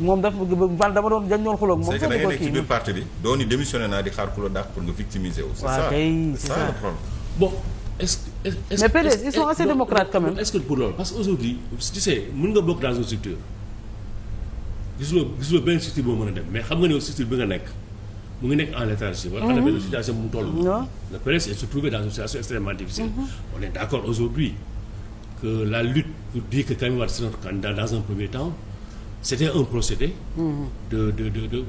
moom dafa man dama doon dañ doon xuloo moom. c'est que da nga nekk ci biir parti bi doo ni démissionné naa di xaar ku la dàq pour nga victimiser wu. c'est ça c'est ça est est est-ce nga bokk dans une structure gisuloo gisuloo benn structure boo mën a dem mais xam nga ne structure bi nga nekk mu ngi nekk en léthargie. wala xam nga benn situation mu toll. le PDS est se mhm. d'accord aujourd'hui que la lutte pour dire que Karim Wade sera candidat dans un premier temps. c'était un procédé. Mm-hmm. de de de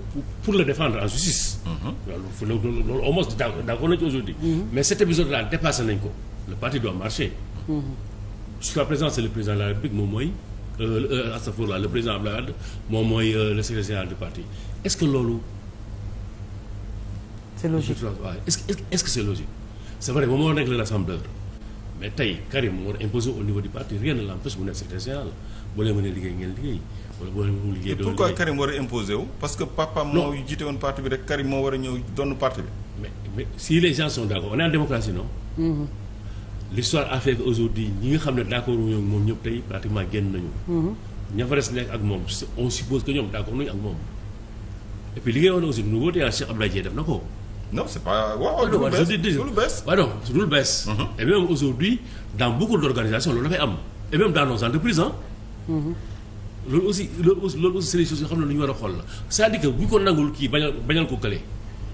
pour le défendre en justice. Mm-hmm. loolu loolu au moins d'accord nañ ci aujourd'hui mm-hmm. mais cet épisode là dépassé nañ ko le parti doit marcher. jusqu'à présent c'est le président la République moom mooy euh, euh, astafurlah le président Abdoulaye Wade moom mooy euh, le secrétaire du parti est-ce que loolu. c'est logique est-ce que c'est logique c'est vrai moom moo nekk le rassembleur. mais tey Karim moo war a imposer au niveau du parti rien ne l'empêche mu nekk secrétaire général boo leen mënee liggéey ngeen liggéey wala boo leen mënul liggéey. doo pourquoi Karim war a mm-hmm. ñi nga xam ne d'accord ñoom moom ñëpp tey pratiquement génn nañu. Mm-hmm. ña fa des nekk ak moom on suppose que ñoom d'accord nañu ak moom et puis wax ne aussi nouveau tey ah, Cheikh Abdoulaye Dièye def na ko. non c'est pas lu bees du lu bees waaw non lu bees. Mm-hmm. et même aujourd'hui dans beaucoup d'organisations loolu dafay am et même dans nos entreprises mm-hmm. loolu aussi loolu aussi loolu aussi c'est xam ne lu ñu war a xool la c'est-à-dire que bu kii bañal ko kële.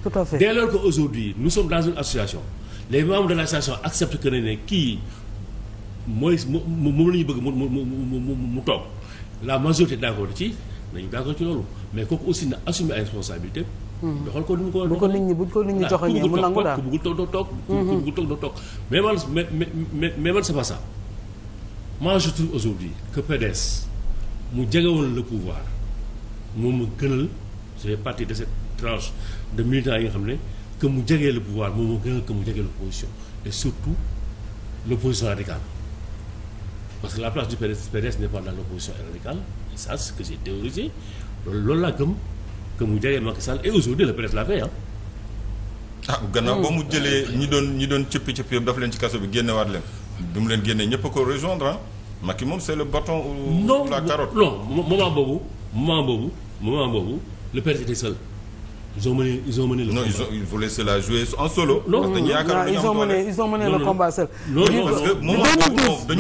tout à fait dès lors que aujourd'hui nous sommes dans une association les membres de l'association acceptent que ne ne kii mooy moom la ñu bëgg mu mu mu mu toog la majorité d'accord ci nañu d'accord ci loolu mais kooku aussi na assumer ay responsabilités. doxal ko nu ko bu ko nit ñi bu ko nit ñi joxoñee mu nangu daal ku bëggul toog doo toog ku mm-hmm. bëggul toog doo man mais mais man c'est pas aujourd'hui que mu jegewoon le pouvoir moom mu gënal je fais partie de cette tranche de militants yi nga xam ne que mu jegee le pouvoir moom mu gënal que mu jegee l'opposition et surtout l'opposition radicale parce que la place du PDS PDS n'est pas dans l'opposition et ça c'est que j'ai théorisé loolu loolu laa gëm que mu jege Macky Sall et eh, aujourd'hui le presse l'a fait ah gannaaw ba mu jëlee ñi doon ñi doon cëppi cëppi yëpp dafa leen ci kaso bi génnewaat leen bi mu leen génnee ñëpp a ko rejoindre ah Macky moom c'est le bâton ou la carotte non moment boobu moment boobu moment boobu le presse était seul ils ont mené ils ont mené le non, combat non ils ont ils voulaient cela jouer en solo. non non